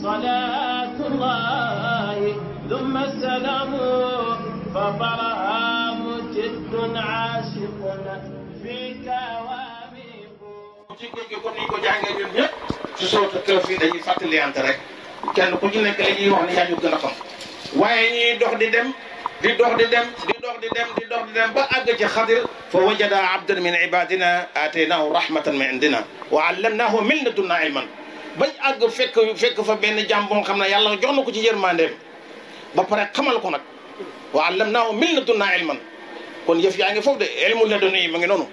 صلاة الله ثم السلام فبرهام جد عاشق فيك واميق jikko ji kon ni ko jàngee ñun ñëpp ci sootu kër fii dañuy fàttaliyante rek kenn ku ci nekk la ñuy wax ne yaa ñu gën a xam waaye ñuy dox di dem di dox di dem di dox di dem di dox di dem ba àgg ci xadir fa wajada abdan min ibadina ataynahu rahmatan min indina wa allamnahu min ladunna ilman bañ àgg fekk fekk fa benn jàmm boo xam ne yàlla jox na ko ci yërmandeem ba pare xamal ko nag wa allamnaahu min ladunnaa ilman kon yëf yaa ngi foofu de ilmu ladunni ma ngi noonu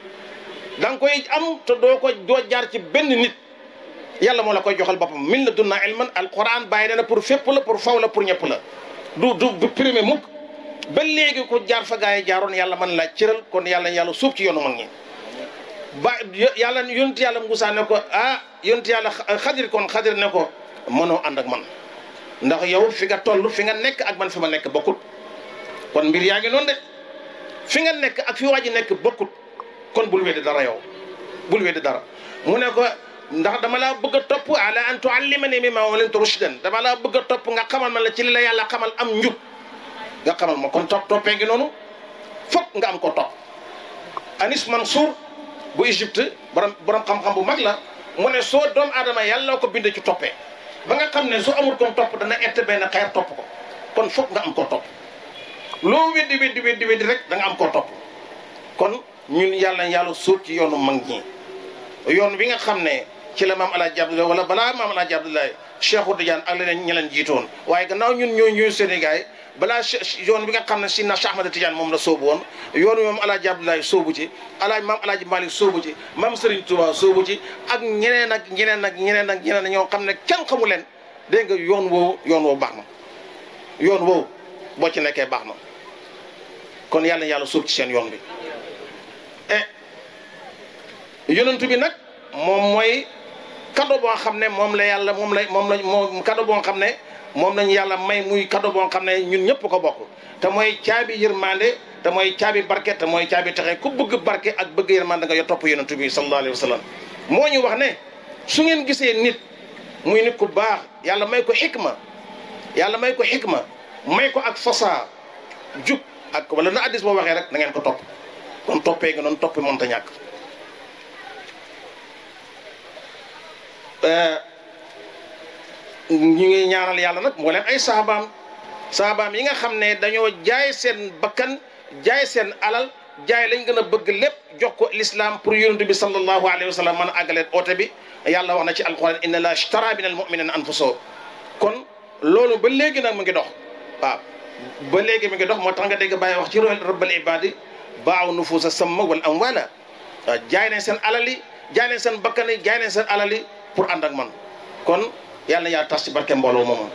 da nga koy am te doo ko doo jaar ci benn nit yàlla moo la koy joxal boppam min ladunnaa ilman alquran bàyyi na pour fépp la pour faw la pour ñëpp la du du du premier mukk ba léegi ko jaar fa gaa yi jaaroon yàlla man laa cëral kon yàlla yàlla suuf ci yoonu mag ñi ba yàlla yonent yàlla ko ah, yonent yàlla euh, xadir kon xadir ne ko mënoo ànd ak man ndax yow fi nga tol fi nga nekk ak man fi ma nekk bokkut kon mbir yaa ngi noonu de fi nga nekk ak fi waa ji nekk bokkut kon bul weddi dara yow bul weddi dara mu ne ko ndax dama laa bëgg a topp ala an tuallimani mimma ullimta rushdan dama laa bëgg topp nga xamal ma la ci la yàlla xamal am njub nga xamal ma kon topp toppee noonu foog nga am ko topp Anis Mansour bu Égypte borom borom xam-xam bu mag la mu ne soo doomu adama yàlla ko bind ci toppee ba nga xam ne su amul kon topp dana ette benn xeer topp ko kon foog nga am koo topp loo weddi weddi weddi weddi rek da nga am ko topp kon ñun yàlla yàlla suuf ci yoonu mag ñi yoon wi nga xam ne ci la maam alaa Abdoulaye wala balaa maam alaaji Abdoulaye Cheikh Oudou Diagne ak leneen ñi leen waaye gannaaw ñun ñoo ñuy Sénégal balaa yoon bi nga xam ne si na Cheikh Ahmad Tidiane moom la soobu woon yoon moom alaaji Abdoulaye soobu ci alaaji maam alaaji Malick soobu ci maam Serigne Touba soobu ci ak ñeneen ak ñeneen ak ñeneen ak ñeneen ñoo xam ne kenn xamu leen dégg nga yoon woowu yoon woowu baax woowu boo ci nekkee baax na kon yàlla yàlla sóob ci seen yoon bi e bi nag moom mooy kado boo xam ne moom la yàlla moom la moom la moom kado boo xam ne moom nañ yàlla may muy cadeau boo xam ne ñun ñëpp ko bokk te mooy caabi yërmande te mooy caabi barke te mooy caabi texe ku bëgg barke ak bëgg yërmande nga yo topp yonentu bi sallallahu alayhi wa sallam moo ñu wax ne su ngeen gisee nit muy nit ku baax yàlla may ko xikma yàlla may ko xikma may ko ak fasaa jub ak wala na addis boo waxee rek na ngeen ko topp kon toppee nga noonu topp moom ta ñàkk euh, ñu ngi ñaanal yàlla moo mboolem ay saabaam saabaam yi nga xam ne dañoo jaay seen bakkan jaay seen alal jaay lañ gën a bëgg lépp jox ko lislaam pour yonent bi sallallahu alayhi wa sallam mën a àggaleet oote bi yàlla wax na ci alquran inna la ishtara min almuminina anfusahum kon loolu ba léegi nag mu ngi dox waaw ba léegi mu ngi dox moo tax nga dégg bàyyi wax ci rabbal ibadi baaw nufuusa samma wal amwala waaw jaay nañ seen alal jaay nañ seen bakkan yi jaay nañ seen alali yi pour ànd ak man yàlla yaa tas ci barke mbooloo moomu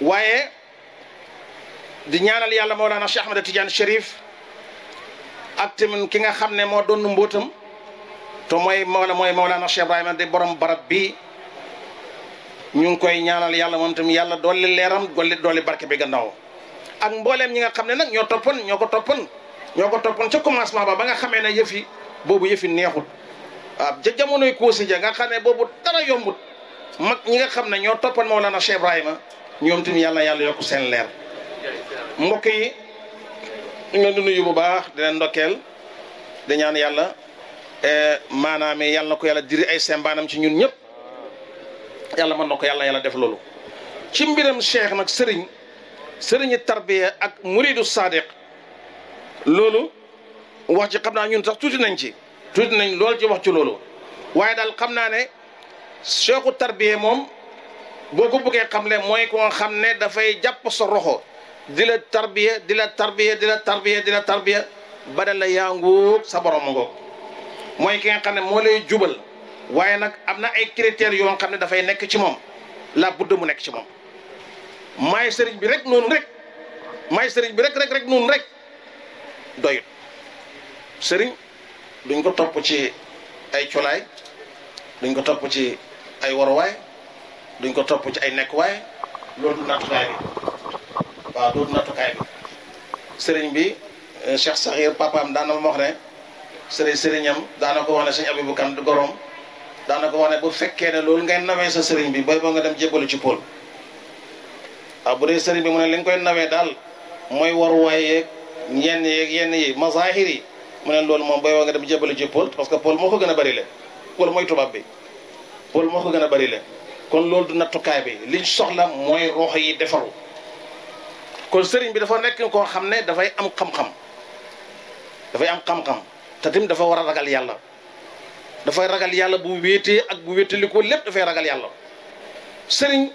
waaye di ñaanal yàlla Mawlana Cheikh Ahmed Tidiane Chérif ak tamit ki nga xam ne moo doon mbóotam te mooy Mawla mooy Mawlana Cheikh Ibrahima di borom barab bi ñu ngi koy ñaanal yàlla moom tamit yàlla dolli leeram dolli dolli barke bi gannaaw ak mbooleem ñi nga xam ne nag ñoo toppoon ñoo ko toppoon ñoo ko toppoon ca commencement ba ba nga xamee ne yëf boobu yëf yi neexut waaw ja jamonoy Kossy Dia nga xam boobu dara yombut mag ñi nga xam ne ñoo toppoon na Cheikh Ibrahima ñoom tamit yàlla yàlla yokk seen leer mbokk yi ñu leen di bu baax di leen ndokkeel di ñaan yàlla e, maanaam yàlla ko yàlla diri ay sembaanam ci ñun ñëpp yàlla mën na ko yàlla yàlla def loolu. ci mbiram Cheikh nag sëriñ sëriñi tarbiya ak muridu sadiq loolu wax ci xam naa ñun sax tuuti nañ ci tuuti nañ lool ci wax ci loolu waaye daal xam naa ne soo cheikhu tarbiya moom boo ko bëggee xam le mooy koo xam ne dafay jàpp sa roxo di la di la tarbiya di la tarbiya di la la yaa sa borom ngoog mooy ki nga xam ne moo lay jubal waaye nag am na ay critères yoo xam ne dafay nekk ci moom la budd mu nekk ci moom maay sëriñ bi rek noonu rek maay sëriñ bi rek rek rek noonu rek doyut sëriñ duñ ko topp ci ay colaay duñ ko topp ci ay waruwaay duñ ko topp ci ay nekkuwaay loolu du nattukaay bi waaw loolu du nattukaay sëriñ bi euh, Cheikh Sakhir papaam daan na wax ne sëriñ sëriñam daana ko wax ne sëñ Abibu Kan du daana ko wax ne bu fekkee ne loolu ngay nawee sa sëriñ bi booy boo nga dem jébbalu ci pôl waaw bu dee sëriñ bi mu ne koy nawee daal mooy waruwaay yenn yeeg yenn yi mazahir yi mu ne loolu moom bay woo nga dem jébalu ji Paul parce que Paul moo ko gën a bëri le Paul mooy tubaab bi Paul moo ko gën a bëri le kon loolu du nattukaay bi liñ soxla mooy ruux yi defaru kon sëriñ bi dafa nekk koo xam ne dafay am xam-xam dafay am te tamit dafa war a ragal yàlla dafay ragal yàlla bu wéetee ak bu wéetali ko lépp dafay ragal yàlla sëriñ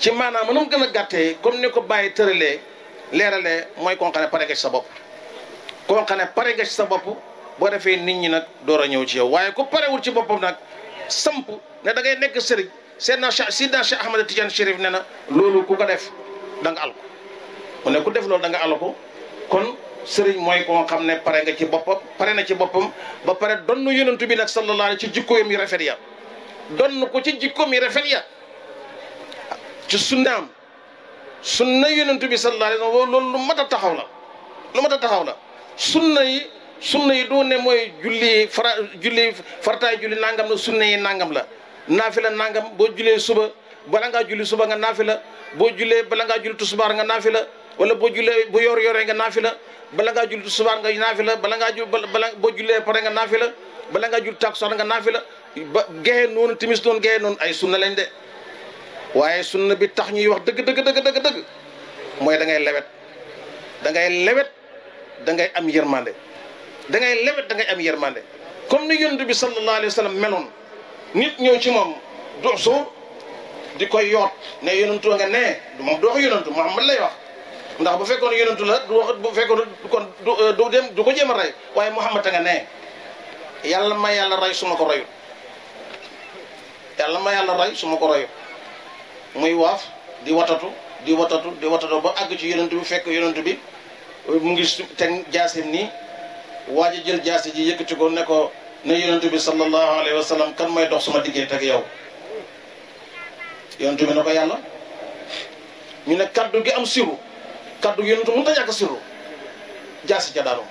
ci maanaam mënum gën a gàttee comme ni ko bàyyi tëralee leerale mooy koo xam ne pare nga ci sa bopp koo xam ne pare nga ci sa bopp boo defee nit ñi nag door a ñëw ci yow waaye ku parewul ci boppam nag samp ne da ngay nekk sëriñ seen na Cheikh Sidna Cheikh Ahmad Tidiane Chérif ne na loolu ku ko def da nga alko mu ne ku def loolu da nga alko kon sëriñ mooy koo xam ne pare nga ci boppam pare na ci boppam ba pare donn yonentu bi nag sallallahu alayhi ci jikkoom yi rafet ya donn ko ci jikkoom yi rafet ya ci sunnaam sunna yonent bi sallallahu alayhi wa sallam loolu lu mat a taxaw la lu mat a taxaw la sunna yi sunna yi doo ne mooy julli fara julli farataay julli nangam la sunna yi nangam la la nangam boo jullee suba bala ngaa julli suba nga naafila boo jullee bala ngaa julli tisbaar nga naafila wala boo jullee bu yor yoree nga naafila bala ngaa julli tisbaar nga naafila bala ngaa jul bala boo jullee pare nga naafila bala ngaa julli takkusaan nga naafila ba gexe noonu timis noonu gexe noonu ay sunna lañ de waaye sunna bi tax ñuy wax dëgg dëgg dëgg dëgg dëgg mooy da lewet dangay lewet da ngay am yërmande da ngay lewet da ngay am yërmande comme ni yonent bi sallallahu alayhi wa sallam meloon nit ñëw ci moom duxsu di koy yoot ne yonentu nga ne moom du wax yonentu Muhammad lay wax ndax bu fekkoon yonentu la du wax bu fekkoon kon euh, du dem du ko jéem a rey waaye Muhammad nga ne yàlla ma yàlla rey su ma ko reyut yàlla ma yàlla rey suma ko reyut muy waaf di watatu di watatu di watatu ba àgg ci yonent bi fekk yonent bi mu ngi teg jaasim ni waaj a jël jaasi ji yëkkati ko ne ko ne yonent bi sallallahu alayhi wa kan mooy dox suma diggante ak yow yonent bi ne ko yàlla ñu ne kaddu gi am siru kaddu yonent mënu ta ñàkk siru jaasi ja daanu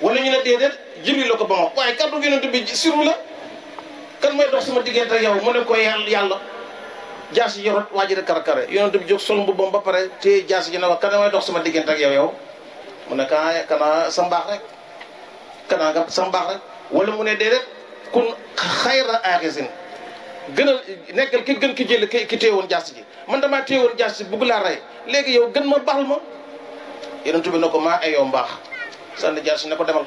ñu ne déedéet jibril la ko ba ma waaye kaddu yonent bi siru la kan may dox suma diggante ak yow mu ne ko yàlla jaas yi yorot waa ji rek karakare yonent bi jóg sol mbubbam ba pare te jaas ji ne ko kana may dox sama diggante ak yow yow mu ne kana kana sa mbaax rek kana nga sa mbaax rek wala mu ne déedéet kun xayra axisin gënal nekkal ki gën ki jël ki téewoon jaas ji man damaa téewoon jaas ji bugg laa rey léegi yow gën ma baaxal ma yonent bi ne ko maa ayoo mbaax sànni jaas ji ne ko demal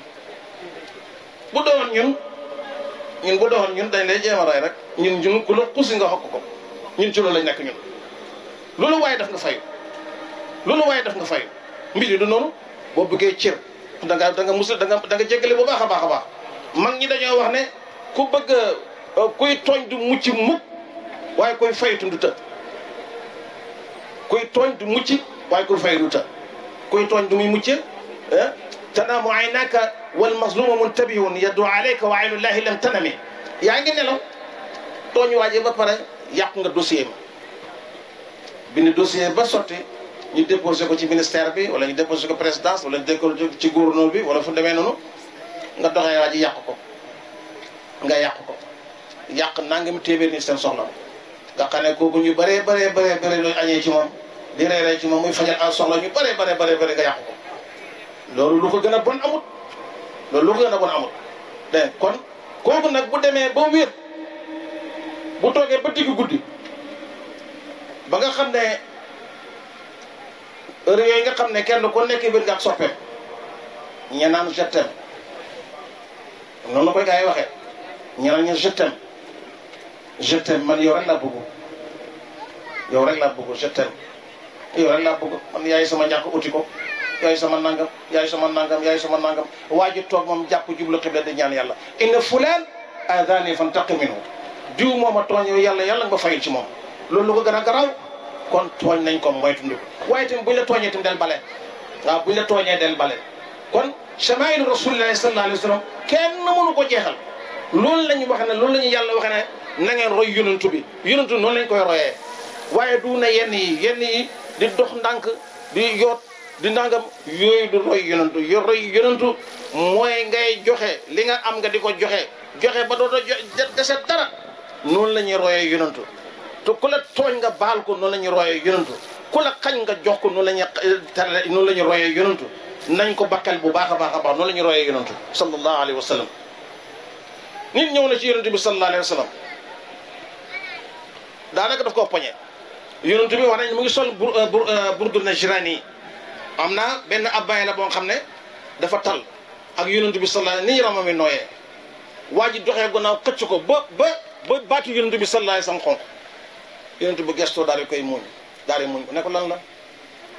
bu doon ñun ñun bu doon ñun dañ lay jéem a rek ñun ñun ku la xusi nga xokk ko ñun ci loolu lañ nekk ñun loolu waaye daf nga fayu loolu waaye def nga fay mbir yi du noonu boo bëggee cër da danga da nga da nga da nga jéggale bu baax a baax a baax mag ñi dañoo wax ne ku bëgg euh, kuy tooñ du mucc mukk waaye koy faytu du të kuy tooñ du mucc waaye koy fay du të kuy tooñ du muy mucce euh, tanaamu aynaka wal mazluma muntabihun yaddu alayka wa aynullahi lam tanami yaa ngi nelaw tooñ waaje ba pare yàq nga dossier ma bind dossier ba sotti ñu déposé ko ci ministère bi wala ñu déposé ko présidence wala ñu déposé ci gouverneur bi wala fu demee noonu nga doxee waa yàq ko nga yàq ko yàq nangam téeméer ni seen soxla nga xam ne kooku ñu bëree bëree bëree bëri luy añee ci moom di reeree ci moom muy fajal al soxla ñu bëree bëree bëree bëri nga yàq ko loolu lu ko gën a bon amut loolu lu ko gën a bon amut dégg kon kooku nag bu demee ba wéet bu toogee ba diggu guddi ba nga xam ne heure nga xam ne kenn ku nekk biir nga ak soppe ñe naan je t'aime noonu la koy gars yi waxee ñe naan ñu je t'aime man yow rek laa bëgg yow rek laa bëgg je t'aime yow rek laa bëgg yaay sama ñàkk uti ko yaay sama nangam yaay sama nangam yaay sama nangam waa ji toog moom jàpp jublu xibla di ñaan yàlla inna fulaan aadaani fantaqim minhu diw moom a tooñ yow yàlla yàlla nga ma fayul ci moom loolu lu ko gën a garaaw kon tooñ nañ ko moytundi ko waaye tamit buñ la tooñee tamit del bale waaw buñ la tooñee del bale kon shamaa'ilu rasulillahi sallallahu alayhi wa sallam kenn mënu ko jeexal loolu la ñu wax ne loolu la yàlla wax ne na ngeen roy yonantu bi yonantu bi noonu lañ koy royee waaye du na yenn yi yenn yi di dox ndànk di yoot di nangam yooyu du roy yonantu yo roy yonantu mooy ngay joxe li nga am nga di ko joxe joxe ba doo doo dese dara noonu la ñuy royee yonantu te ku la tooñ nga baal ko noonu la ñuy royee yonantu ku la xañ nga jox ko noonu la ñuy tere la ñuy royee yonantu nañ ko bakkal bu baax a baax a baax noonu la ñuy royee yonantu sallallahu alayhi wa sallam nit ñëw na ci yonantu bi sallallahu alayhi wa sallam daanaka daf koo poñe yonantu bi wax nañ mu ngi sol bur euh, euh, burdu najraani yi am na benn abbaay la boo xam ne dafa tal ak yonantu bi sallallahu alayhi wa sallam nooyee waa ji doxee gannaaw xëcc ko ba ba boo baatu yonent bi sallallahu alayhi wasallam xonq yonent bu gestoo daal di koy muñ daal di muñ ko ne ko lan la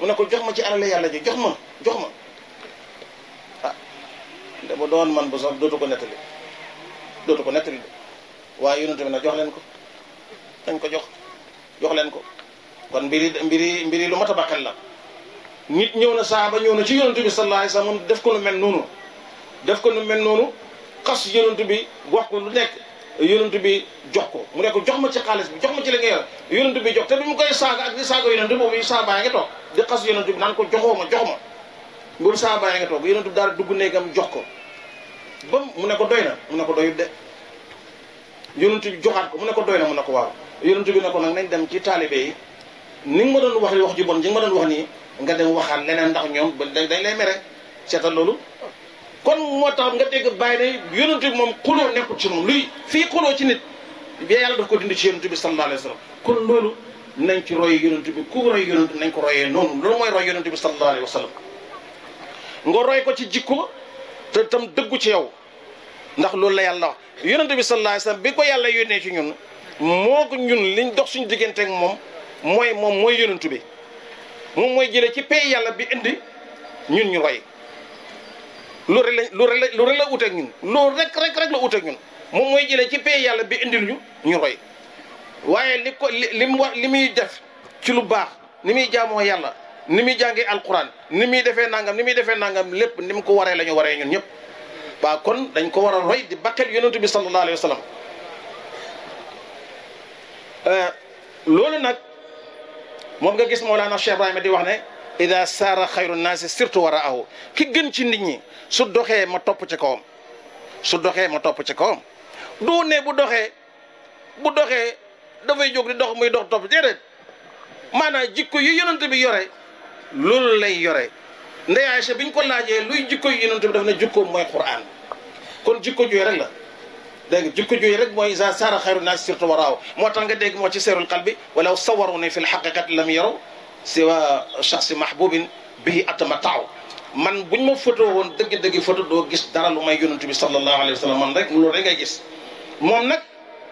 mu ne ko jox ma ci alal yàlla ji jox ma jox ma ah de ba doon man bu sax dootu ko nettali dootu ko nettali de waaye yonent bi jox leen ko dañ ko jox jox leen ko kon mbiri mbiri mbiri lu mat a bàqel la ñëw na saaba ñëw na ci yonent bi sallallahu alayhi def ko nu mel noonu def ko nu mel noonu xas yonent bi wax ko lu nekk yonent bi jox ko mu ne ko jox ma ci xaalis bi jox ma ci li nga yor yonent bi jox te bi mu koy saaga ak di saaga yonent boobu yi saabaa ya nga toog di xas yonent bi ma jox ma bul saabaa toog yonent bi daal dugg néegam jox ko ba mu ne ko doy na mu ne ko doyut de yonent bi joxaat ko mu ne ko doy na mu ne ko waaw yonent bi ne ko nag nañ dem ci taalibe yi ni nga ma doon wax li wax ji bon ji ma doon wax nii nga dem waxaat leneen ndax ñoom dañ lay mere seetal loolu kon moo tax nga dégg bàyyi ne yonent bi moom xuloo nekkul ci moom luy fii xuloo ci nit yàlla daf ko dindi ci yonent bi sallallahu alayhi wa sallam kon loolu nañ ci roy yonent bi ku roy yonent ko royee noonu loolu mooy roy yonent bi sallallahu alayhi wa sallam nga roy ko ci jikko te tam dëggu ci yow ndax loolu la yàlla wax yonent bi sallallahu alayhi wa sallam bi ko yàlla yónnee ci ñun moo ko ñun liñ dox suñu diggante moom mooy moom mooy yonent bi moom mooy jëlee ci pay yàlla bi indi ñun ñu roy lu rek lañ lu la lu rek la ut ak ñun loolu rek rek rek la ñun moom mooy jëlee ci pay yàlla bi indil ñu ñu roy waaye li ko li mu war li muy def ci lu baax ni muy jaamoo yàlla ni muy jàngee alquran ni muy defee nangam ni muy defee nangam lépp ni mu ko waree lañu waree ñun ñëpp waaw kon dañ ko war a roy di bakkal yonentu bi sallallahu alayhi wa sallam euh, loolu nag moom nga gis Mawlana Cheikh Ibrahima di wax ne ida saara xayru naasi surtout war a aw ki gën ci nit ñi su doxee ma topp ci kawam su doxee ma topp ci kawam du ne bu doxee bu doxee dafay jog di dox muy dox topp déedéet maanaam jikko yu yonent bi yore loolu lay yore ndey Aysa biñ ko laajee luy jikko yu yonent bi daf ne jikkoom mooy Qur'an kon jikko jooy rek la dégg nga jikko jooy rek mooy isa saara xayru naasi surtout war a aw moo tax ga dégg moo ci seerul xal bi walaw sawaru ne fi l xaqiqat lam yaraw siwa shaxsi mahbubin bihi atamatta'u man buñ ma photo woon dëgg-dëgg photo doo gis dara lu may yonent bi sallallahu alayhi wa sallam man rek loolu rek ngay gis moom nag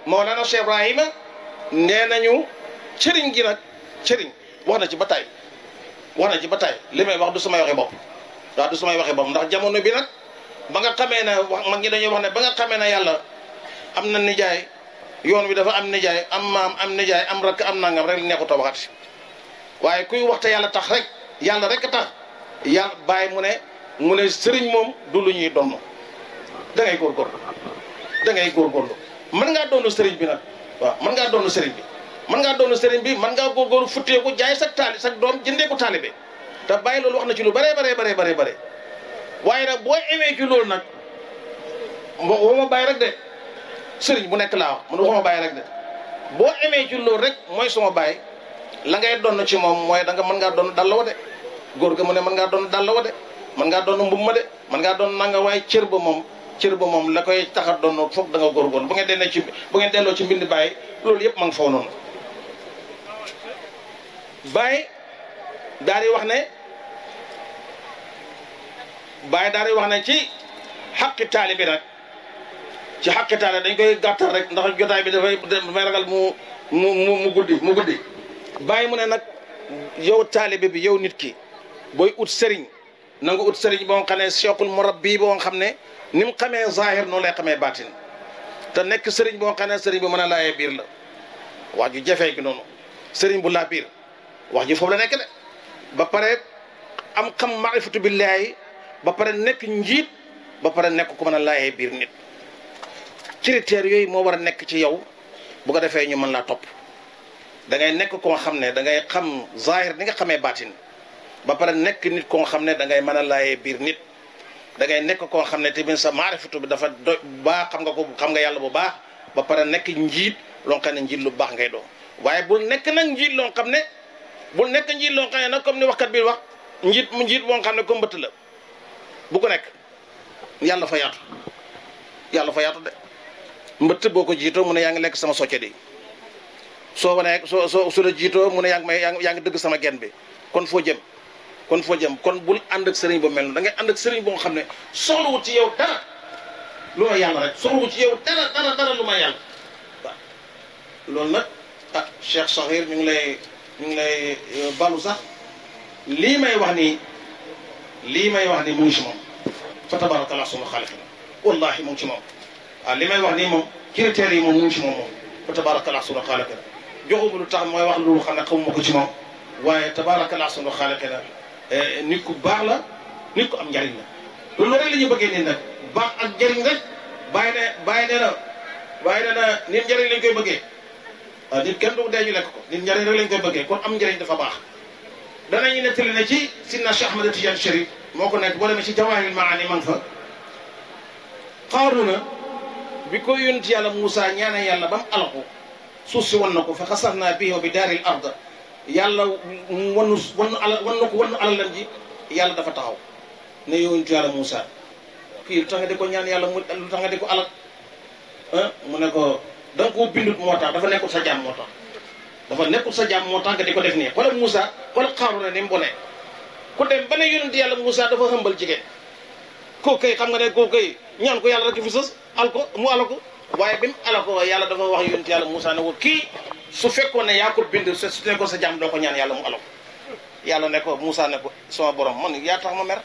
Mawlana Cheikh Ibrahima nee nañu cëriñ gi nag cëriñ wax na ci ba tey wax na ci ba li may wax du samay waxee bopp waaw du samay waxee bopp ndax jamono bi nag ba nga xamee ne wax mag ñi dañuy wax ne ba nga xamee ne yàlla am na nijaay yoon wi dafa am nijaay am maam am nijaay am rakk am nangam rek neexut a waxati waaye kuy waxte yàlla tax rek yàlla rek tax yàlla bàyyi mu ne mu sëriñ moom du lu ñuy donn da ngay góorgóorlu da ngay góorgóorlu mën ngaa doonu sëriñ bi nag waaw mën ngaa doonu sëriñ bi mën ngaa doonu sëriñ bi mën ngaa góorgóorlu futteeku jaay sa taali sa doom jëndee ko taalibe te bàyyi loolu wax na ci lu bare bare bare bare bare waaye nag boo ewee ci loolu nag mbo woo ma bàyyi rek de sëriñ bu nekk laa wax man waxuma bàyyi rek de boo emee ci loolu rek mooy suma baay la ngay donn ci moom mooy da nga mën ngaa doon dàll wa de góor ga mu ne mën ngaa doon dàll wa de mën ngaa doon mbubb ma de mën ngaa doon nanga waaye cër ba moom cër ba moom la koy tax a doon foog da nga góorgóorlu bu ngeen delloo ci bu ngeen delloo ci mbind bàyyi loolu yëpp nga foofu noonu wax ne bàyyi daal di wax ne ci xaqi taalibe nag ci xaqi dañ koy gàttal rek ndax jotaay bi dafay may ragal mu mu mu guddi mu guddi bàyyi mu ne nag yow taalibe bi yow nit ki booy ut sëriñ na nga ut sëriñ boo xam ne cheikhul murabbi boo xam ne ni mu xamee zahir noo lay xamee baatin te nekk sëriñ boo xam ne sëriñ mën a laayee biir la wax ju jafee gi noonu sëriñ bu laa biir wax ju foofu la nekk de ba pare am xam maarifatu billaahi ba pare nekk njiit ba pare nekk ko mën na laayee biir nit critères yooyu moo war a nekk ci yow bu ko defee ñu mën laa topp da ngay nekk koo xam ne dangay xam zahir ni nga xamee baatin ba pare nekk nit koo xam ne da ngay mën a laayee biir nit dangay nekk koo xam ne tamit sa maarifatu bi dafa do baax xam nga ko xam nga yàlla bu baax ba pare nekk njiit loo xam ne njiit lu baax ngay doon waaye bul nekk nag njiit loo xam ne bul nekk njiit loo xam ne nag comme ni waxkat bi wax njiit mu njiit boo xam ne ko la bu ko nekk yàlla fa yaatu yàlla fa yaatu de mbëtt boo ko jiitoo mu ne yaa ngi lekk sama socce di soo wanee soo soo su la jiitoo mu ne yaa ngi may yaa dëgg sama genn bi kon foo jëm kon foo jëm kon bul ànd sëriñ bu mel noonu da ngay ànd ak sëriñ boo xam ne soxlawut ci yow dara lu ma yàlla rek soxlawut ci yow dara dara nag a ah, Cheikh Sakhir ñu ngi lay ñu ngi lay euh, balu sax lii may wax nii lii may wax nii mu ngi si moom fa tabaraka allah sunu xaaliqina wallahi mu ngi ci moom waaw ah, li may wax nii moom critères yi moom mu ngi ci moom moom tabaraka allah sunu xaaliqina joxuma lu tax mooy wax lu xam ne xamuma ko ci moom waaye tabaaraka laa sunu xaaliqi na eh, nit ku baax la nit ku am njariñ la loolu rek la ñu bëggee baax ak njariñ rek bàyyi ne na bàyyi ne na nit njariñ lañ koy bëggee ah, nit kenn du dee ñu lekk ko nit njariñ rek lañ koy bëggee kon am njariñ dafa baax danañu nettali na ci Sidna Cheikh Ahmad Tidiane Chérif moo ko nekk boo demee ci Jawaahirul Maani man fa xaaru na bi ko yónni yàlla Moussa ñaane yàlla ba mu suuf si wan na ko fa naa bi wa bi daaril ard yàlla wanu wanu alal wan na ko wanu alalam ji yàlla dafa taxaw ne yowuntu yàlla Moussa tax nga di ko ñaan yàlla mu lu tax nga di ko alal mu ne ko da nga koo bindut moo tax dafa nekkul sa jàmm moo tax dafa nekkul sa jàmm moo tax nga di ko def nii ko Moussa xoolal Xaaruuna ni mu bone dem ba ne yonent yàlla Moussa dafa xëmbal jigéen koo kay xam nga ne koo kay ñaan ko yàlla rek fi sës al mu ala ko waaye bi mu alako yàlla dafa wax yonent yàlla Moussa ne ko kii su fekkoon ne yaa ko bind su nekkoon sa jàmm doo ko ñaan yàlla mu alako yàlla ne ko Moussa ne ko sama borom man yaa tax ma mer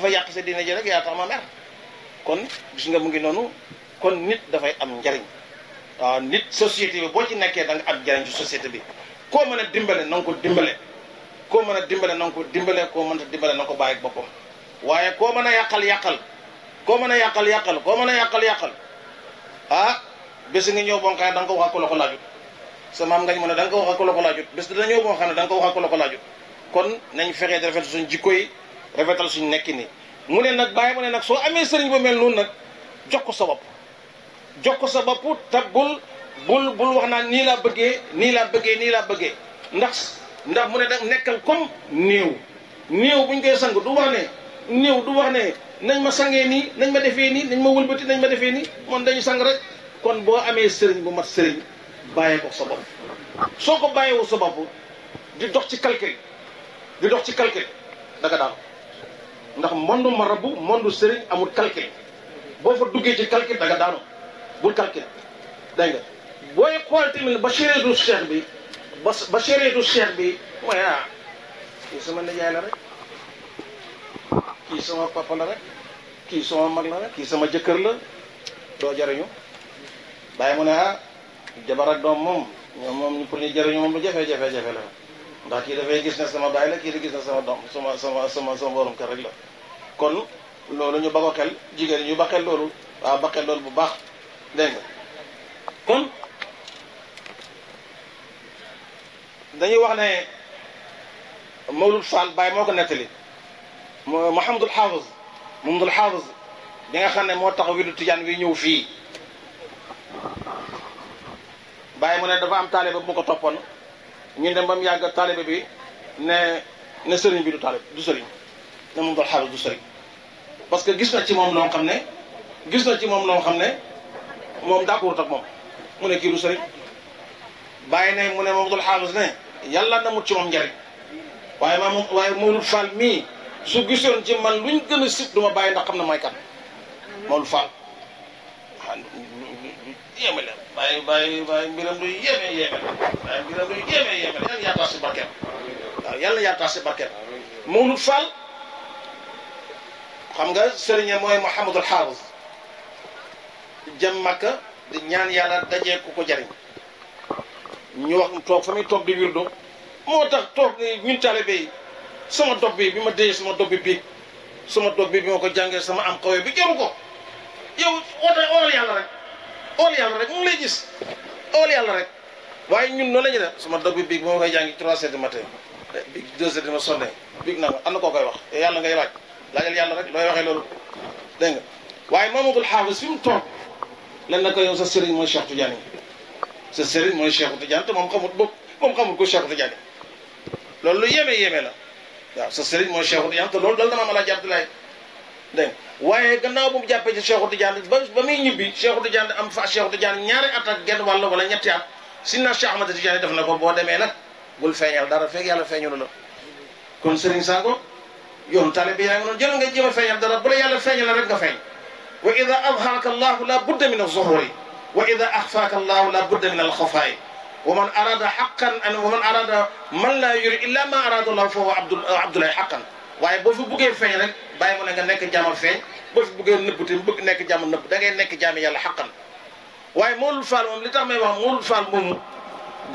fa yàq sa diine ji rek yaa tax ma mer kon gis nga mu ngi noonu kon nit dafay am njariñ waaw nit société bi boo ci nekkee da nga am njariñ ci société bi koo mën a dimbale na ko dimbale koo mën a dimbale na nga ko dimbale koo mën a dimbale na ko bàyyi boppam waaye koo mën a yàqal yàqal koo mën a yàqal yàqal koo mën a yàqal yàqal ah bés nga ñëw boo xam ne da nga ko wax ak ku la ko laajut da ko wax ak ku la ko laajut bés dina ñëw boo xam ne da nga ko wax ak ku kon nañ fexee di rafetal suñ jikko yi rafetal suñ nekki nii mu ne nag bàyyi mu ne nag soo amee sëriñ bu mel noonu nag jox ko sa bopp jox ko sa bopp tabbul bul bul wax naa nii laa bëggee nii laa bëggee nii laa bëggee ndax ndax mu ne da nekkal comme néew néew buñ koy sang du wax ne néew du wax ne nañ ma sangee nii nañ ma defee nii nañ ma wëlbati nañ ma defee nii moom dañu sang rek kon boo amee sëriñ bu mat sëriñ bàyyee ko sa bopp soo ko bàyyeewu sa bopp di dox ci calcul di dox ci calcul daga daal ndax mondu marabu mondu sëriñ amul calcul boo fa duggee ci calcul daga daanu bu calcul dégg nga booy xool tamit ba chéréetu cheikh bi ba ba chéréetu cheikh bi mooy ah sama nijaay la rek kii sama papa la rek kii sama mag la rek kii sama jëkkër la doo jariñu bàyyi mu ne ah jabar ak doom moom ñoom moom pour ñu jariñu moom lu jafe-jafe-jafe la ndax kii dafay gis ne sama bàyyi la kii di gis ne sama doom sama sama sama sama borom kër rek la kon loolu ñu ba xel jigéen ñu ba xel loolu waaw ba xel loolu bu baax dégg kon dañuy wax ne lu Fall Baye moo ko nettali Mouhamadul Hafiz Mouhamadul Hafiz bi nga xam ne moo tax wirdu tijaan wi ñëw fii bàyyi mu ne dafa am taalibe bu mu ko toppoon ñu dem ba mu yàgg taalibe bi ne ne sëriñ bi du taalib du sëriñ ne Mouhamadul Hafiz du sëriñ parce que gis na ci moom loo xam ne gis na ci moom loo xam ne moom d'accord ak moom mu ne kii du sëriñ bàyyi ne mu ne Mouhamadul Hafiz ne yàlla na mut ci moom njariñ waaye ma waaye Mouhamadul Fall mii su gisoon ci man luñ gën a sib du ma bàyyi ndax xam na mooy kan moolu faal waaw yéeme la bàyyi bàyyi bàyyi mbiram luy mbiram luy yéeme yéeme la yàlla yaataas si barkeem waaw yàlla yaataas si barkeem moolu faal xam nga sëriñe mooy Mouhamadul Xaafis jëm Makka di ñaan yàlla dajee ku ko jariñ ñu wax toog fa muy toog di wirdo moo tax toog ñun taalibe yi sama dob bi bi ma déyee sama dob bi biig dob bi bi ma ko jàngee sama am xawee bi jaru ko yow woote ool yàlla rek ool yàlla rek mu ngi gis ool yàlla rek waaye ñun noonu la ñuy def sama dob bi biig bi ma koy jàngi trois heures du matin eh, biig deux heures ma sonné biig naa am na koo koy wax yàlla ngay laaj laajal yàlla rek looy waxee loolu dégg nga waaye Mamadou Haafis fi mu toog lan na ko yow sa sëriñ mooy Cheikh sa sëriñ mooy Cheikh Tidiane te moom xamul bopp moom xamul ko Cheikh Tidiane loolu lu yéeme yéeme la waaw sa sëriñ mooy Cheikhou Tidiane te loolu dal na ma Alaaji Abdoulaye dégg nga waaye gannaaw bu mu jàppee ci Cheikhou Tidiane ba ba muy ñibbi Cheikhou Tidiane am fa Cheikhou Tidiane ñaari at ak genn wàll wala ñetti at si na ma Ahmad Tidiane def na ko boo demee nag bul feeñal dara fekk yàlla feeñalu la kon sëriñ Sango yoonu taalibe yaa ngi noonu jël nga jéem a feeñal dara bu la yàlla feeñal la rek nga feeñ wa ida adharaka allahu la budda min alzuhuri wa ida axfaaka allahu la budda min alxafaay wa man arada xaqan an wa man arada man laa yuri illa ma arada allah fa huwa abdoulahi xaqan waaye boo fi buggee feeñ rek bàyyi mu ne nga nekk jaamal feeñ boo fi buggee nëbb te nekk nekk jaamal nëbb da ngay nekk jaami yàlla xaqan waaye moolul faal moom li tax may wax moolul faal moomu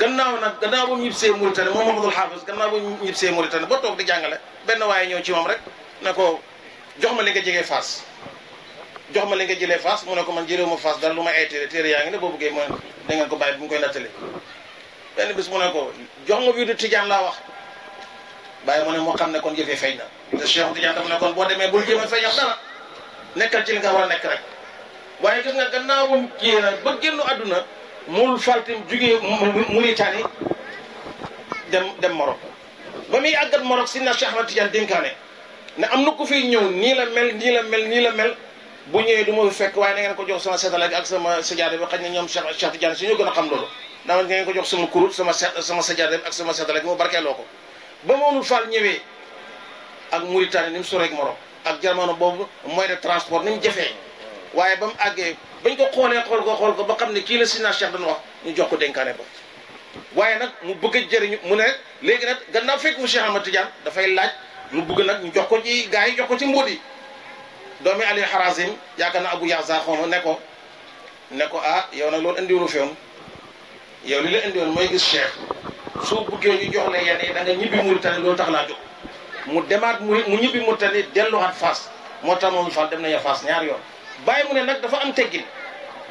gannaaw nag gannaaw ba mu ñibsee Mauritanie moom Mamadou Hafiz gannaaw ba mu ñibsee Mauritanie ba toog di jàngale benn waaye ñëw ci moom rek ne ko jox ma li nga jegee Fass jox ma li nga jëlee Fass mu ne ko man jëlewu ma Fass lu ma ay téere téere yaa ngi ne boo benn bis mu ne ko jox ma bii du Tijaan laa wax bàyyi mu ne moo xam ne kon jëfee feeñ na te Cheikh Tijaan dafa boo demee bul jëmee feeñal dara nekkal ci li nga war a gis nga gannaawam kii ba génnu àdduna mul faltim jugee Mauritanie dem dem Maroc ba muy àggat Maroc si na Cheikh Ahmad Tidiane dénkaane ne am na ku fiy ñëw nii la mel nii mel nii la mel bu ñëwee du ma fekk waaye na ngeen ko jox sama setala ak sama sajaada su ñu gën a xam loolu daa man ngeen ko jox sama kurut sama se sama sajaadeem ak sama sedda rek moo barkeeloo ko ba Mamadou Fall ñëwee ak Mauritanie ni mu soreeg Maroc ak jarmano boobu moyen de transport ni mu jafee waaye ba mu àggee bañ ko xoolee xool ko xool ko ba xam ne kii la Sina Cheikh doon wax ñu jox ko dénkaane ba waaye nag mu bëgg a jëriñu mu ne léegi nag gannaaw fekk fu Cheikh Ahmad Tidiane dafay laaj mu bëgg nag ñu jox ko ci gars yi jox ko ci mbóot yi doomi Ali Harazim yaakaar na Abu Yazar xaw ma ne ne ko ah yow nag loolu indiwulu feewoon yow li la indiwoon mooy gis cheikh soo buggee ñu jox la yenn yi da nga ñibbi Mauritanie loolu tax naa jóg mu demaat mu mu ñibbi Mauritanie delluwaat Fass moo tax moom Fall dem nañu Fass ñaar yoon bàyyi mu ne nag dafa am teggin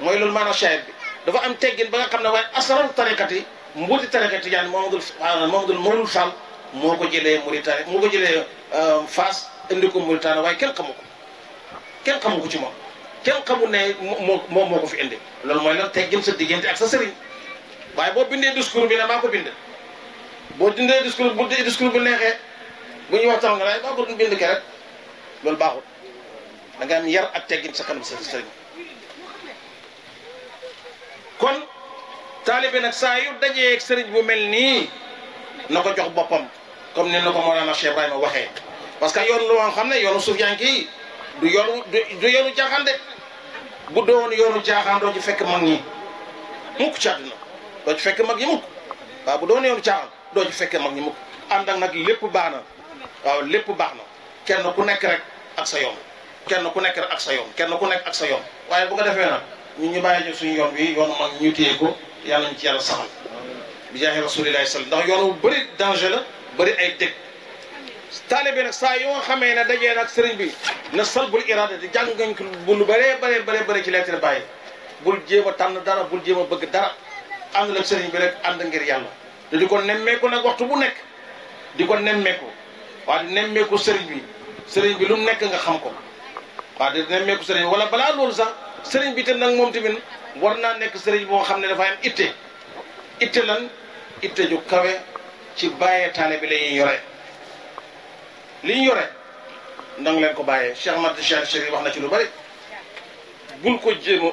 mooy lool maanaam cheikh bi dafa am teggin ba nga xam ne waaye asaral tarikat yi mbuuti tarikat yi moom Mamadou Mamadou Mawlud Fall moo ko jëlee Mauritanie moo ko jëlee euh, Fass indi ko Mauritanie waaye kenn xamu ko kenn xamu ko ci moom kenn xamu ne moom moo ko fi indi loolu mooy lan teggin sa diggante ak sa sëriñ waaye boo bindee discours bi ne maa ko bind boo dindee discours bu neexee bu ñuy waxtaan nga naan maa ko bind ke rek loolu baaxul da nga am yar ak teggin sa kanam sa sëriñ kon sëriñ bu mel nii na ko jox boppam comme ni na ko Mawlana Cheikh Ibrahima waxee parce que yoon lu xam ne yoonu suuf yaa du yoonu du yoonu jaaxaan de bu doon yoonu jaaxaan doo fekk mag ñi mukk ci àdduna doo ci fekke mag ñi mukk waaw bu doon yoonu caaxaan doo ci fekke mag ñi mukk ànd ak nag lépp baax na waaw lépp baax na kenn ku nekk rek ak sa yoon kenn ku nekk ak sa yoon kenn ku nekk ak sa yoon waaye bu ko defee na ñun ñu bàyyi ci suñu yoon wi yoonu mag ñu téye ko yàlla ñu ci yàlla saxal bi jaahi rasulillahi sallam ndax yoon bu bëri danger la bëri ay dëkk taalibe nag saa yoo xamee ne dajee nag sëriñ bi na salbul irada di jàng ngañ ko bu lu bëree bëree ci lettre bàyyi bul jéem a tànn dara bul jéem a bëgg dara ànd nag sëriñ bi rek ànd ngir yàlla te di ko nemmeeku nag waxtu bu nekk di ko nemmeeku waa di nemmeeku sëriñ bi sëriñ bi lu mu nekk nga xam ko waa di nemmeeku sëriñ wala balaa loolu sax sëriñ bi tam nag moom tamit war naa nekk sëriñ boo xam ne dafa am itte itte lan itte ju kawe ci bàyyee taale bi la ñuy yore li ñu yore ndang leen ko bàyyee Cheikh Mate Cheikh Chérif wax na ci lu bari buñ ko jéem a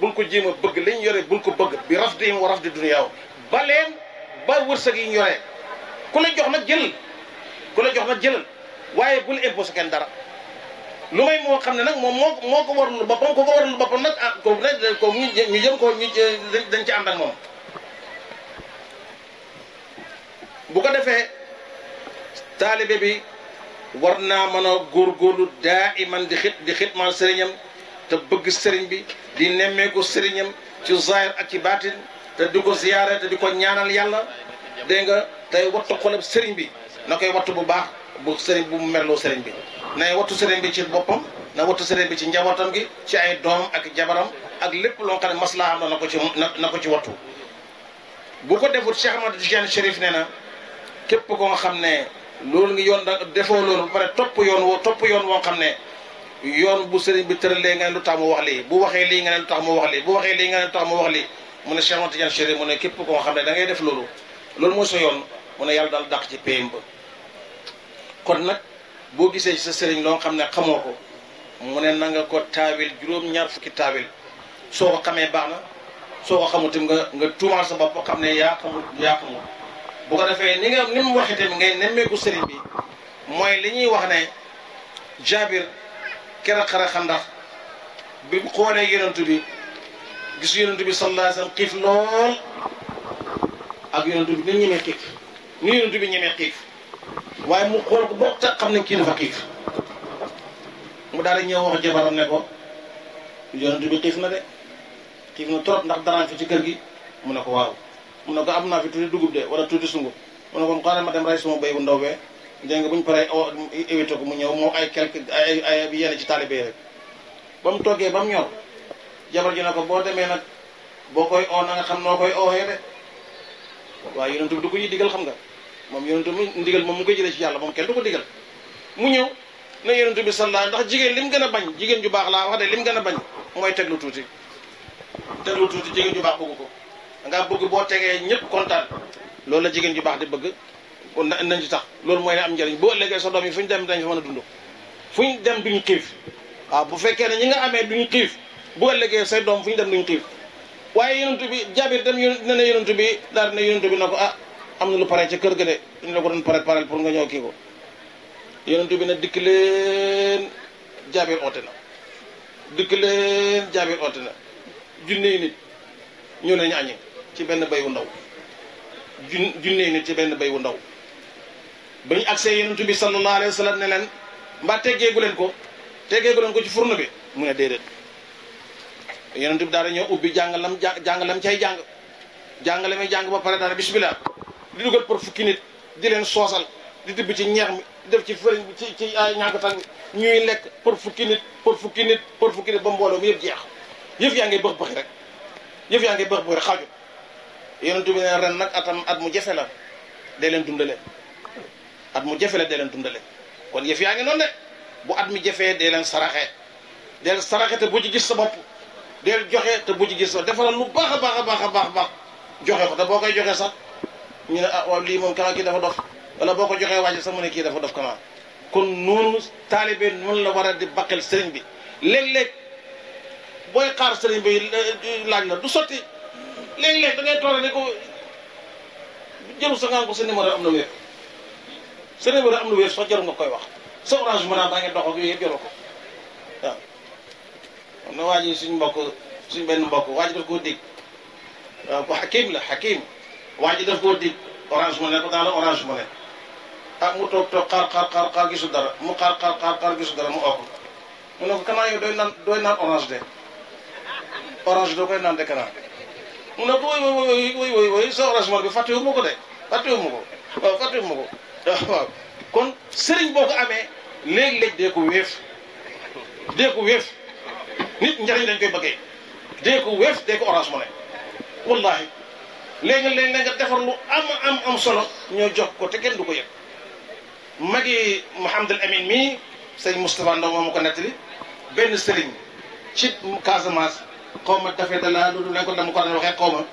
ut ko jéem bëgg lañ yore buñ ko bëgg bi raf di wa raf di duniyaaw ba leen ba wërsëg yi ñu yore ku la jox nag jëlal ku la jox nag jëlal waaye bul imposé kenn dara lu may moo xam ne nag moom moo moo ko warul boppam ko ko warul boppam nag ah kooku nag kooku ñu jëm ñu jëm ko ñu dañ ci ànd ak moom bu ko defee taalibe bi war naa mën a góorgóorlu daa iman di xit di xitmal te bëgg sëriñ bi di nemmeeku sëriñam ci zahir ak ci baatin te di ko ziyaare te di ko ñaanal yàlla dégg nga tey wattu xolab sëriñ bi na koy wattu bu baax bu sëriñ bu mu merloo sëriñ bi nay wattu sëriñ bi ci boppam na wattu sëriñ bi ci njabootam gi ci ay doomam ak jabaram ak lépp loo xam ne maslaa am na na ko ci na ko ci wattu bu ko defut Cheikh Ahmadou Tidiane Chérif ne na képp ko xam ne loolu ngi yoon da defoo loolu ba pare topp yoon woo topp yoon woo xam ne yoon bu sëriñ bi tëralee nga ne lu tax mu wax lii bu waxee lii nga ne lu tax mu wax lii bu waxee lii nga ne lu tax mu wax lii mu ne Cheikh Ahmad Tidiane mu ne képp koo xam ne da def loolu loolu mooy sa yoon mu ne yàlla daal dàq ci payam ba kon nag boo gisee ci sa sëriñ loo xam ne xamoo ko mu ne na nga ko taawil juróom-ñaar fukki taawil soo ko xamee baax na soo ko xamul nga nga tuumaal sa bopp xam ne yaa xamul yaa xamul bu ko defee ni nga ni mu waxee tamit ngay nemmeeku sëriñ bi mooy li ñuy wax ne kenn xara xam ndax bi mu xoolee yonent bi gis yonent bi sallallahu alayhi wasallam xiif lool ak yonent bi ni ñemee xiif ni yonent bi ñemee xiif waaye mu xool ko bokk xam ne kii dafa xiif mu daal di ñëw wax jabaram ne ko yonent bi xiif na de xiif na trop ndax daraan fi ci kër gi mu ne ko waaw mu ne ko am naa fi tuuti dugub de wala tuuti sungub mu ne ko xaaral ma dem rey suma béy bu ndaw bee dégg nga bu ñu paree évité ko mu ñëw moo ay quelque ay ay yenn ci ba mu toggee ba mu ñor jabar na ko boo demee boo koy oo na xam noo koy ooyee de waaye yonent bi xam nga moom yonent bi ndigal moom mu koy jëlee ci yàlla moom kenn du ko digal mu ñëw ne yonent bi sallallaahu ndax jigéen lim gën a bañ jigéen ju baax laa wax de lim gën a bañ mooy teglu tuuti teglu tuuti jigéen ju baax bëgg ko da bëgg boo tegee ñëpp kontaan loolu la jigéen ju baax di bëgg nañ ci tax loolu mooy ne am njëriñ boo ëllëgee sa doom yi fu dañ fa mën a fu ñu dem duñu xiif waaw bu fekkee ne ñi nga amee duñu xiif bu ëllëgee say doom fu ñu dem duñu xiif waaye yonent bi Jaabir dem ne ne yonent bi daal na ko ah am na lu pare ca kër ga de ñu la ko doon pare parel pour nga ñëw kii ko yonent bi ne dikk leen Jaabir oote na dikk leen Jaabir oote na junney nit ñëw nañu añi ci benn bay wu ndaw jun junney nit ci benn bay wu ndaw ba ñu agsee yonent bi sallallahu alayhi wa sallam ne leen mbaa teggeegu leen ko teggeegu leen ko ci furno bi mu ne déedéet yonent bi daal dañoo jàngalam jàngalam cay jàng jàngale may jàng ba pare daal bismillah di dugal pour fukki nit di leen soosal di tibb ci ñeex mi def ci fëriñ bi ci ci ay ñànkatan ñuy lekk pour fukki nit pour fukki nit pour fukki ba mbooloo mi yëpp jeex yëf yaa ngay bëx bëxi rek yëf yaa ngay bëx bëxi xaju yonent ren nag atam at mu jafe la day leen dundale at mu jafe la dee leen dundale kon yëf yaa ngi noonu de bu at mi jafee dee leen saraxe deel saraxe te bu ci gis sa bopp deel joxe te bu ci gis sa bopp defalal baax a baax a baax a baax joxe ko te boo koy joxe sax ñu ne ah waaw lii moom kanaa dafa dof wala boo ko joxee wàcc sax mu ne kii dafa dof kanaa kon noonu taalibe noonu la war a di baqel sëriñ bi léeg-léeg booy xaar sëriñ bi eh, eh, laaj la du sotti léeg-léeg da ngay toog ne ko jëru sa ngaan ko sa numéro am na wér sa réew am lu wér sax jaru nga koy wax sa orange mën naa dox ak yooyu yëpp jaru mbokk suñ benn mbokk waa ji daf koo dig waaw bu xakim la ah, mu toog toog xaar xaar xaar xaar dara mu okk mu ne ko kanaa yow naan orange de orange doo koy naan de kanaa mu ne woy woy woy woy woy woy sa orange man bi fàttewuma ko de fàttewuma ko waaw fàttewuma waaw kon sëriñ boo ko amee léegi léeg dee ko wéef dee ko wéef nit njariñ lañ koy bëggee dee ko wéef dee ko orange mu ne wallahi léegi-léeg nga defar lu am am am solo ñoo jox ko te kenn du ko yëg magi Mouhamadul Amin mii sëñ Moustapha Ndaw moo ma ko nettali benn sëriñ ci Casamance xaw ma dafee da laa loolu lañ ko dama ko daan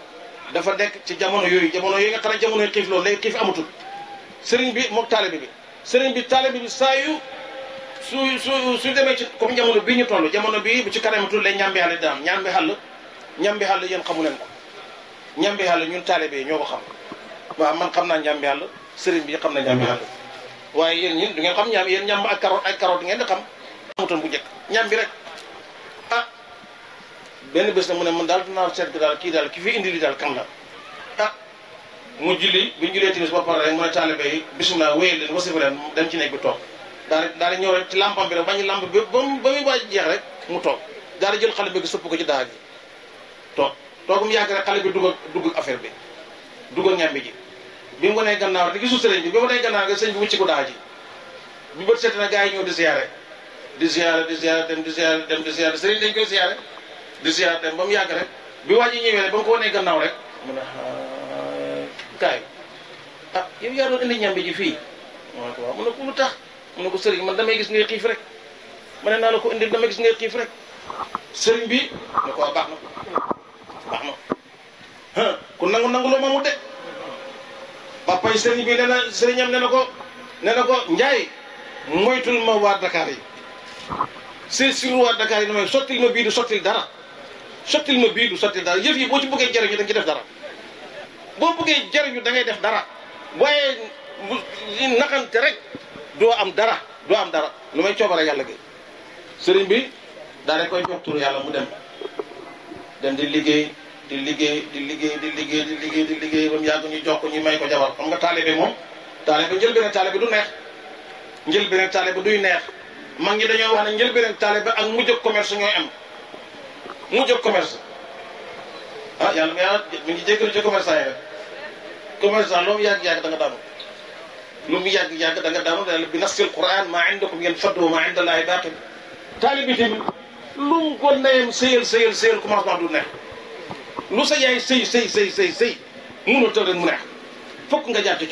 dafa dekk ci jamono yooyu jamono yooyu nga xam ne jamono xiif loolu léegi xiif amatul sëriñ bi mook taalibe bi bi sëriñ bi taalibe bi saa yu su su su demee ci comme jamono bii ñu toll jamono bii bu ci kanamatul lay ñambi xàll daam ñambi xàll ñambi xàll xamu leen ko ñambi ñun taalibe yi ñoo ko xam waaw man xam naa ñambi xàll sëriñ bi xam na ñambi xàll waaye yéen ñun du ngeen xam ñaam yéen ñamb ak carotte ak carotte ngeen di xam amutoon bu njëkk ñambi rek ah benn bés na mu ne man daal dinaa seet daal kii daal ki fi indi li daal kan la mu julli bu ñu jullee timis ba pare rek mu ne taalibe yi bisimilah wéyal leen wasifa leen dem ci nekk bi toog daal di daal di ñëw rek ci lampam bi rek bañ lamp bi ba mu ba muy waaj jeex gi toog toogum dugg affaire bi dugg ñambi ji bi mu wanee gannaaw rek gisul sëriñ bi bi mu wanee gannaaw rek sëriñ ko daa ji bu bët seet na gars yi ñëw di ziare di ziare dem di ziare dem di ziare sëriñ dañ koy ziare di ziare dem mu yàgg rek bi waa ji ñëwee rek ba mu ko wanee gannaaw rek mu ne ah. kaay ah yow yaa doon indi ñambi ji fii ma ne ko waaw mu ne ko lu tax moo ne ko sëriñ man damay gis ngay xiif rek ma naa ne ko indi damay gis ngay xiif rek sëriñ bi ne ko baax na baax na ku nangu nangu ma mamu de papay sëriñ bi nee na sëriñam nee na ko ne na ko njaay moytul ma waa Dakar yi si sur waa Dakar yi ne mooy sottil ma bii du sottil dara sottil ma bii du sottil dara yëf yi boo ci bëggee jëriñu da nga ci def dara boo bëggee jariñu da def dara waaye naxante rek doo am dara doo am dara lu may a yàlla gi sëriñ bi daal di koy jox tur yàlla mu dem dem di liggéey di liggéey di liggéey di liggéey di liggéey di liggéey ba mu yàgg ñu jox ko ñu may ko jabar xam nga taalibe moom taalibe njëlbéen taalibe du neex njëlbéen taalibe duy neex mag ñi dañoo wax ne njëlbéen taalibe ak mujj commerce ñooy am mujj commerce ah yàlla yàlla mi ngi jégalu ci commerçant yi rek kama sax loo mu yàgg-yàgg da nga daanu lu mu yàgg-yàgg da nga daanu bi nasil quran maa indakum yan faddu maa inda laahi baatil taalibi tamit lu mu ko nayem sëyal sëyal sëyal commencement du neex lu sa yaay sëy sëy sëy sëy sëy mënoo tëdd mu neex fokk nga jaar ci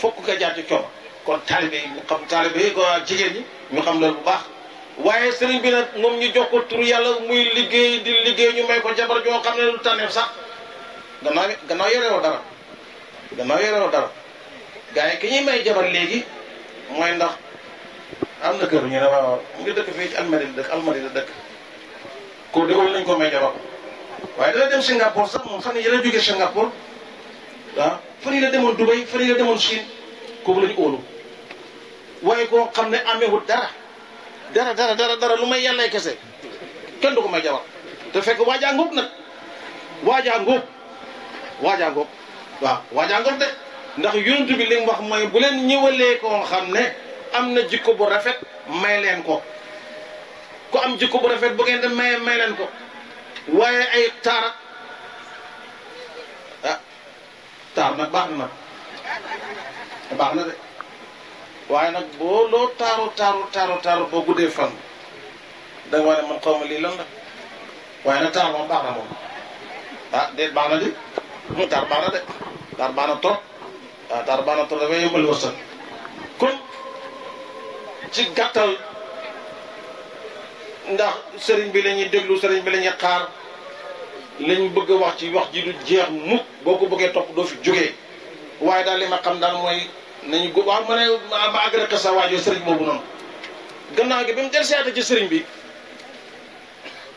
fokk nga jaar ci coono kon taalibe yi ñu xam taalibe ko jigéen ñi ñu xam loolu bu baax waaye sëriñ bi nag moom ñu jox ko tur yàlla muy liggéey di liggéey ñu may ko jabar joo xam ne lu tànneef sax gannaaw gannaaw yore woo dara gannaaw yoroo dara gars yi ki ñuy may jabar léegi mooy ndax am na kër ñu ne waaw mu ngi dëkk fii ci Almadi dëkk Almadi la dëkk ko nañ ko may jabar waaye dana dem Singapour sax moom fan yële jógee Singapour ah fan yi la demoon kooku la ñu óolu xam ne amewul dara dara dara dara dara lu may yàlla kese kenn du ko jabar te fekk waajaa ngóob nag waajaa ngóob waajaa ngóob waaw waajaa ngor de ndax yonent bi li mu wax mooy bu leen ñëwalee koo xam ne am na jikko bu rafet may leen ko ku am jikko bu rafet bo ngeen di maye may leen ko waaye ay taar ah taar baax na baax na de waaye nag boo loo taaru taaru taaru taaru boo guddee fan da nga war xaw ma lii la waaye nag taar moom baax na moom ah de baax na di taar baax de taar baax na trop ah, taar baax na trop dafay yombal wërsëg kon ci gàttal ndax sëriñ bi la ñuy déglu sëriñ bi la ñuy xaar lañ bëgg a wax ci wax ji du jeex mukk boo ko bëggee topp doo fi jógee waaye daal li ma xam daal mooy nañu góob waaw ma ne ma agréé ko sa waajoo sëriñ boobu noonu. gannaaw gi bi mu del seeta ci sëriñ bi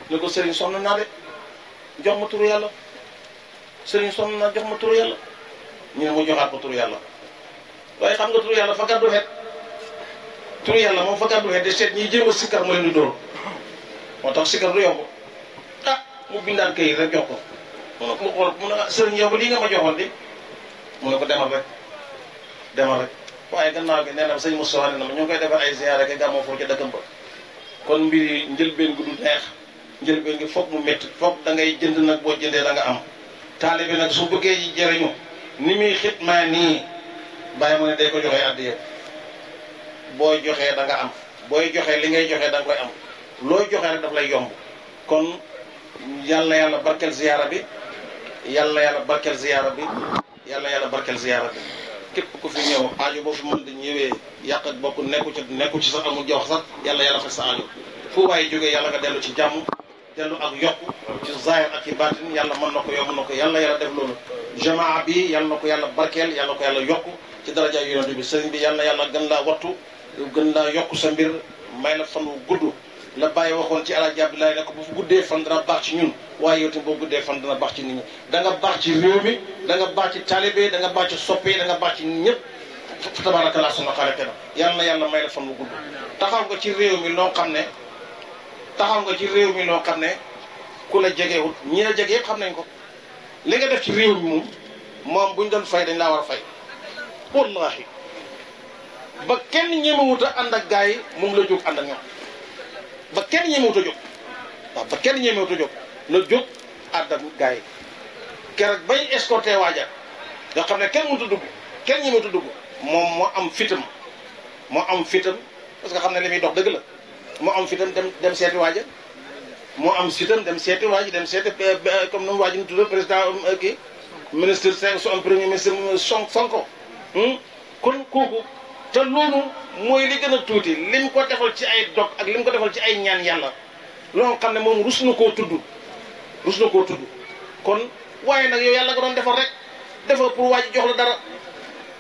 ne ko sëriñ sonn naa de jox ma turu yàlla. sëriñ sonn na jox ma turu yàlla waaye xam nga turu yàlla fa gàddu xeet turu yàlla moom fa gàddu xeet de seet ñiy jéem a sikkar moo leen di moo tax sikkar du yomb ah mu bindaan kay rek jox ko mu ne ko mu xool ah, demal rek demal rek waaye gannaaw gi nee na sëñ Moustapha ne na ma ñu koy defar ay ziyaare ak gàmmoo foofu ca dëkkam ba kon mbir yi njëlbeen gu du neex njëlbeen gi foog mu métti foog da ngay jënd nag boo jëndee da nga am taalibe nag su bëggee ji jëriñu ni muy xitmaa nii bàyyi mu ne day ko joxee addiya booy joxee da am booy joxe li ngay joxe da nga koy am loo joxee rek daf lay yomb kon yàlla yàlla barkeel ziyaara bi yàlla yàlla barkeel ziyaara bi yàlla yàlla barkeel ziyaara bi képp ku fi ñëw aajo boobu fi mën di yàq bokk nekku ci nekku ci sax amul jox sax yàlla yàlla faj sa aajo fu waaye jógee yàlla nga dellu ci jàmm dellu ak yokk ci zaahir ak ci baatin yàlla mën na ko yow mën na ko yàlla yàlla def loolu jamaa bi yàlla na ko yàlla barkeel yàlla ko yàlla yokk ci daraja yonent bi la fan la bàyyi waxoon ci alaaji Abdoulaye ne ko bu guddee fan dana baax ci ñun waaye yow tamit boo guddee fan dana baax ci nit ñi da nga baax ci réew mi da nga baax ci taalibe da nga baax ci soppe da nga baax ci ñëpp tabaaraka laa sunu xaaliqina yàlla na yàlla may la fan wu gudd taxaw nga ci réew mi loo xam ne taxaw nga ci réew mi noo xam ne ku la jegewut ñi la jege yëpp xam nañ ko li nga def ci réew mi moom moom bu ñu doon fay dañ laa war a fay wallahi ba kenn ñemewut a gars yi moom la jóg ànd ak ñoom ba kenn ñemewut a jóg waaw ba kenn ñemewut a jóg la jóg ànd ak gars yi keroog bañ escorté waaja xam ne kenn mënut a dugg kenn ñemewut a moom moo am fitam moo am fitam parce que xam ne li muy dox dëgg la moo am fitam dem dem seeti waaja moo am fitam dem seeti waaji dem seeti comme nu mu waaji nu tudd président um, euh, kii ministre Seck su am premier ministre son Sonko hmm? kon kooku te loolu mooy li gën a tuuti lim ko defal ci ay dog ak lim ko defal ci ay ñaan yàlla loo xam ne moom rus na koo tudd rus na koo tudd kon waaye nag yow yàlla nga doon defal rek defoo pour waaji jox la dara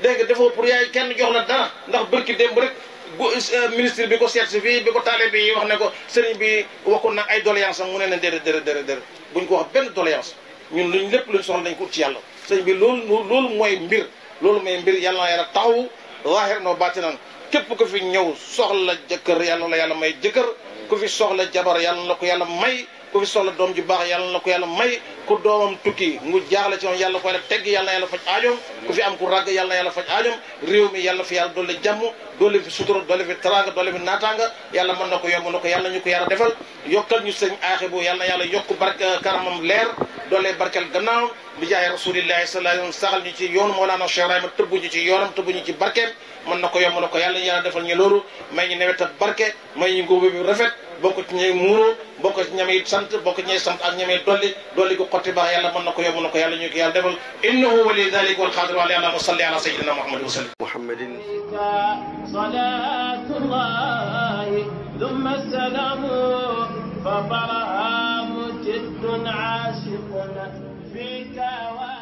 dégg nga defoo pour yaay kenn jox la dara ndax bërki bu rek Euh, ministre bi ko seet si fii bi ko taale bi wax ne ko sëriñ bi waxoon na ay doléance am mu ne leen déedéet déedéet déedéet buñ ko wax benn doléance ñun luñ lépp luñ soxla dañ ko ut ci yàlla sëriñ bi loolu loolu mooy mbir loolu mooy mbir yàlla na yàlla taxawu zaahir noo baatinan képp ku fi ñëw soxla jëkkër yàlla la yàlla may jëkkër ku fi soxla jabar la ko yàlla may ku fi soxla doom ju baax yàlla na ko yàlla may ku doomam tukki mu jaaxle ci moom yàlla ko yàlla tegg yàlla na yàlla faj aajoom ku fi am ku ràgg yàlla na yàlla faj aajoom réew mi yàlla fi yàlla dolli jàmm doole fi sutura doole fi taraanga doole fi naataanga yàlla mën na ko yomb na ko yàlla ñu ko yàlla defal yokkal ñu sëñ aaxe bu yàlla yàlla yokk barke euh, karamam leer doole barkel gannaawam bi jaay rasulillahi sallallahu alayhi wasallam saxal ñu ci yoonu Mawlana Cheikh Ibrahima tëbbu ñu ci yoonam tëbbu ñu ci barkeem mën na ko yomb na ko yàlla ñu yàlla defal ñu loolu may ñu nawet ak barke may ñu ngóobe bi rafet bokk ci ñay muuro bokk ci ñamey sant bokk ci ñay sant ak ñamey dolli dolli gu xotti baax yàlla mën na ko yóbbu na ko yàlla ñu ko yàlla defal innahu wali dalik wal xaadir wala allahuma salli ala sayidina muhammad wa sallim muhammadin salatullah thumma salamu fa baraham jiddun aashiqun fika